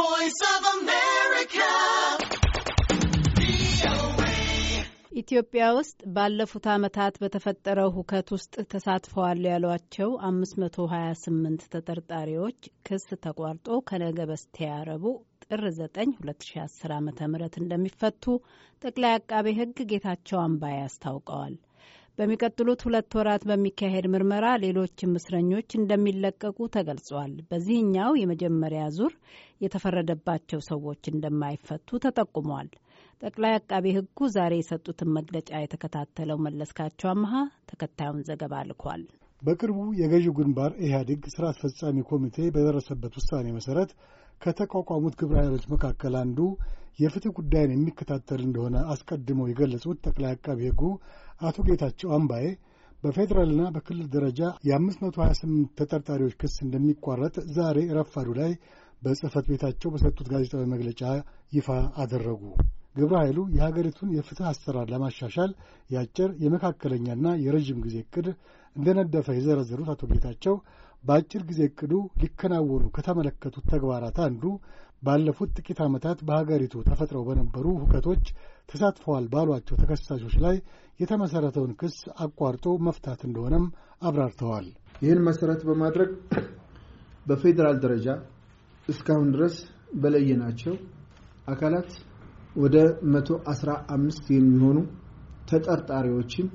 voice of America. ኢትዮጵያ ውስጥ ባለፉት ዓመታት በተፈጠረው ሁከት ውስጥ ተሳትፈዋል ያሏቸው 528 ተጠርጣሪዎች ክስ ተቋርጦ ከነገ በስቲያ ረቡዕ ጥር 9 2010 ዓ ም እንደሚፈቱ ጠቅላይ አቃቤ ሕግ ጌታቸው አምባዬ አስታውቀዋል። በሚቀጥሉት ሁለት ወራት በሚካሄድ ምርመራ ሌሎችም እስረኞች እንደሚለቀቁ ተገልጿል። በዚህኛው የመጀመሪያ ዙር የተፈረደባቸው ሰዎች እንደማይፈቱ ተጠቁሟል። ጠቅላይ አቃቤ ሕጉ ዛሬ የሰጡትን መግለጫ የተከታተለው መለስካቸው አመሀ ተከታዩን ዘገባ ልኳል። በቅርቡ የገዢው ግንባር ኢህአዴግ ሥራ አስፈጻሚ ኮሚቴ በደረሰበት ውሳኔ መሠረት ከተቋቋሙት ግብረ ኃይሎች መካከል አንዱ የፍትህ ጉዳይን የሚከታተል እንደሆነ አስቀድመው የገለጹት ጠቅላይ አቃቢ ሕጉ አቶ ጌታቸው አምባዬ በፌዴራልና በክልል ደረጃ የ528 ተጠርጣሪዎች ክስ እንደሚቋረጥ ዛሬ ረፋዱ ላይ በጽህፈት ቤታቸው በሰጡት ጋዜጣዊ መግለጫ ይፋ አደረጉ። ግብረ ኃይሉ የሀገሪቱን የፍትሕ አሰራር ለማሻሻል የአጭር የመካከለኛና የረዥም ጊዜ እቅድ እንደነደፈ የዘረዘሩት አቶ ጌታቸው በአጭር ጊዜ እቅዱ ሊከናወኑ ከተመለከቱት ተግባራት አንዱ ባለፉት ጥቂት ዓመታት በሀገሪቱ ተፈጥረው በነበሩ ሁከቶች ተሳትፈዋል ባሏቸው ተከሳሾች ላይ የተመሠረተውን ክስ አቋርጦ መፍታት እንደሆነም አብራርተዋል። ይህን መሠረት በማድረግ በፌዴራል ደረጃ እስካሁን ድረስ በለየናቸው አካላት ወደ 115 የሚሆኑ ተጠርጣሪዎችን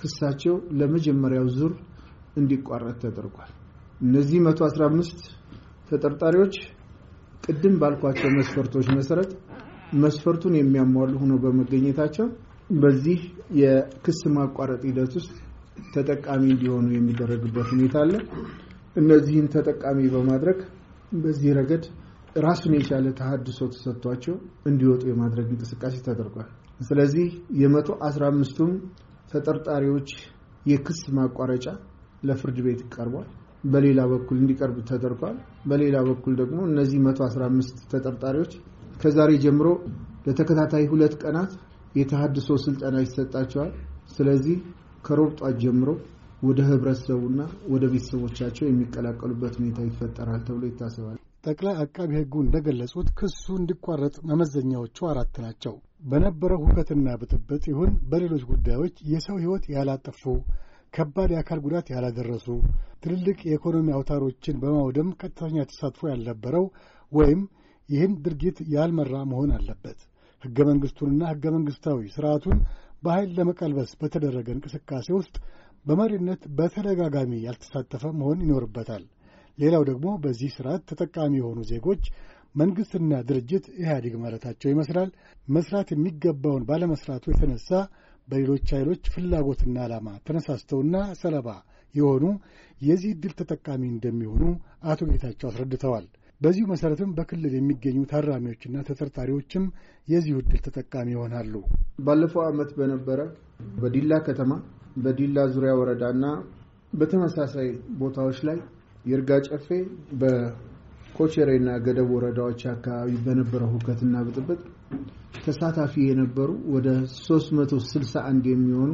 ክሳቸው ለመጀመሪያው ዙር እንዲቋረጥ ተደርጓል። እነዚህ 115 ተጠርጣሪዎች ቅድም ባልኳቸው መስፈርቶች መሰረት መስፈርቱን የሚያሟሉ ሆነው በመገኘታቸው በዚህ የክስ ማቋረጥ ሂደት ውስጥ ተጠቃሚ እንዲሆኑ የሚደረግበት ሁኔታ አለ። እነዚህን ተጠቃሚ በማድረግ በዚህ ረገድ ራሱን የቻለ ተሀድሶ ተሰጥቷቸው እንዲወጡ የማድረግ እንቅስቃሴ ተደርጓል። ስለዚህ የመቶ አስራ አምስቱም ተጠርጣሪዎች የክስ ማቋረጫ ለፍርድ ቤት ቀርቧል። በሌላ በኩል እንዲቀርቡ ተደርጓል። በሌላ በኩል ደግሞ እነዚህ መቶ አምስት ተጠርጣሪዎች ከዛሬ ጀምሮ ለተከታታይ ሁለት ቀናት የተሃድሶ ስልጠና ይሰጣቸዋል። ስለዚህ ከሮብ ጧት ጀምሮ ወደ ህብረተሰቡና ወደ ቤተሰቦቻቸው የሚቀላቀሉበት ሁኔታ ይፈጠራል ተብሎ ይታሰባል። ጠቅላይ አቃቢ ሕጉ እንደገለጹት ክሱ እንዲቋረጥ መመዘኛዎቹ አራት ናቸው። በነበረው ሁከትና ብጥብጥ ይሁን በሌሎች ጉዳዮች የሰው ሕይወት ያላጠፉ፣ ከባድ የአካል ጉዳት ያላደረሱ፣ ትልልቅ የኢኮኖሚ አውታሮችን በማውደም ቀጥተኛ ተሳትፎ ያልነበረው ወይም ይህን ድርጊት ያልመራ መሆን አለበት። ሕገ መንግሥቱንና ሕገ መንግሥታዊ ሥርዓቱን በኃይል ለመቀልበስ በተደረገ እንቅስቃሴ ውስጥ በመሪነት በተደጋጋሚ ያልተሳተፈ መሆን ይኖርበታል። ሌላው ደግሞ በዚህ ስርዓት ተጠቃሚ የሆኑ ዜጎች መንግሥትና ድርጅት ኢህአዴግ ማለታቸው ይመስላል መስራት የሚገባውን ባለመስራቱ የተነሳ በሌሎች ኃይሎች ፍላጎትና ዓላማ ተነሳስተውና ሰለባ የሆኑ የዚህ ዕድል ተጠቃሚ እንደሚሆኑ አቶ ጌታቸው አስረድተዋል። በዚሁ መሠረትም በክልል የሚገኙ ታራሚዎችና ተጠርጣሪዎችም የዚሁ ዕድል ተጠቃሚ ይሆናሉ። ባለፈው ዓመት በነበረ በዲላ ከተማ በዲላ ዙሪያ ወረዳና በተመሳሳይ ቦታዎች ላይ ይርጋ ጨፌ በኮቸሬና ገደብ ወረዳዎች አካባቢ በነበረው ሁከትና ብጥብጥ ተሳታፊ የነበሩ ወደ 361 የሚሆኑ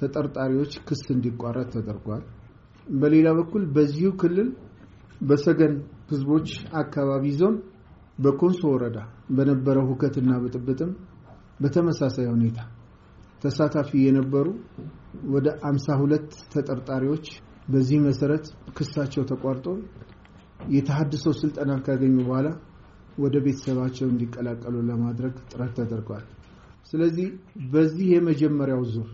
ተጠርጣሪዎች ክስ እንዲቋረጥ ተደርጓል። በሌላ በኩል በዚሁ ክልል በሰገን ህዝቦች አካባቢ ዞን በኮንሶ ወረዳ በነበረው ሁከትና ብጥብጥም በተመሳሳይ ሁኔታ ተሳታፊ የነበሩ ወደ 52 ተጠርጣሪዎች በዚህ መሰረት ክሳቸው ተቋርጦ የተሀድሶ ስልጠና ካገኙ በኋላ ወደ ቤተሰባቸው እንዲቀላቀሉ ለማድረግ ጥረት ተደርጓል። ስለዚህ በዚህ የመጀመሪያው ዙር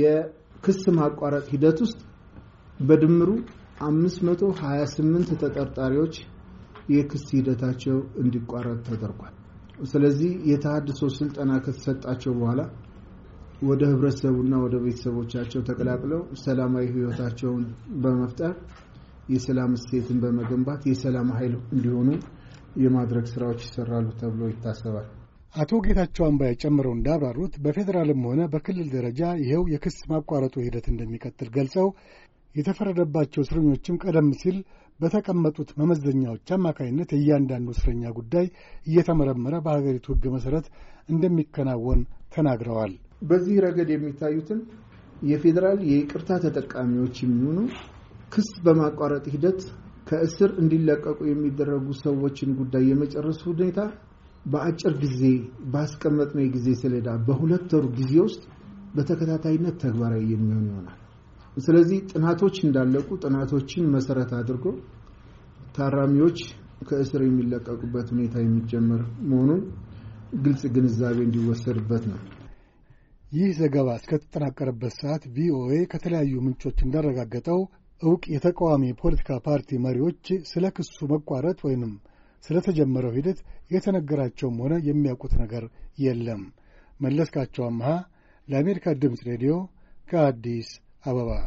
የክስ ማቋረጥ ሂደት ውስጥ በድምሩ 528 ተጠርጣሪዎች የክስ ሂደታቸው እንዲቋረጥ ተደርጓል። ስለዚህ የተሃድሶ ስልጠና ከተሰጣቸው በኋላ ወደ ህብረተሰቡና ወደ ቤተሰቦቻቸው ተቀላቅለው ሰላማዊ ህይወታቸውን በመፍጠር የሰላም እሴትን በመገንባት የሰላም ኃይል እንዲሆኑ የማድረግ ስራዎች ይሰራሉ ተብሎ ይታሰባል። አቶ ጌታቸው አምባዬ ጨምረው እንዳብራሩት በፌዴራልም ሆነ በክልል ደረጃ ይኸው የክስ ማቋረጡ ሂደት እንደሚቀጥል ገልጸው የተፈረደባቸው እስረኞችም ቀደም ሲል በተቀመጡት መመዘኛዎች አማካኝነት የእያንዳንዱ እስረኛ ጉዳይ እየተመረመረ በሀገሪቱ ሕግ መሠረት እንደሚከናወን ተናግረዋል። በዚህ ረገድ የሚታዩትን የፌዴራል የይቅርታ ተጠቃሚዎች የሚሆኑ ክስ በማቋረጥ ሂደት ከእስር እንዲለቀቁ የሚደረጉ ሰዎችን ጉዳይ የመጨረሱ ሁኔታ በአጭር ጊዜ ባስቀመጥነው የጊዜ ሰሌዳ በሁለት ወሩ ጊዜ ውስጥ በተከታታይነት ተግባራዊ የሚሆን ይሆናል። ስለዚህ ጥናቶች እንዳለቁ ጥናቶችን መሰረት አድርጎ ታራሚዎች ከእስር የሚለቀቁበት ሁኔታ የሚጀመር መሆኑን ግልጽ ግንዛቤ እንዲወሰድበት ነው። ይህ ዘገባ እስከተጠናቀረበት ሰዓት ቪኦኤ ከተለያዩ ምንጮች እንዳረጋገጠው እውቅ የተቃዋሚ የፖለቲካ ፓርቲ መሪዎች ስለ ክሱ መቋረጥ ወይንም ስለተጀመረው ሂደት የተነገራቸውም ሆነ የሚያውቁት ነገር የለም። መለስካቸው አምሃ ለአሜሪካ ድምፅ ሬዲዮ ከአዲስ አበባ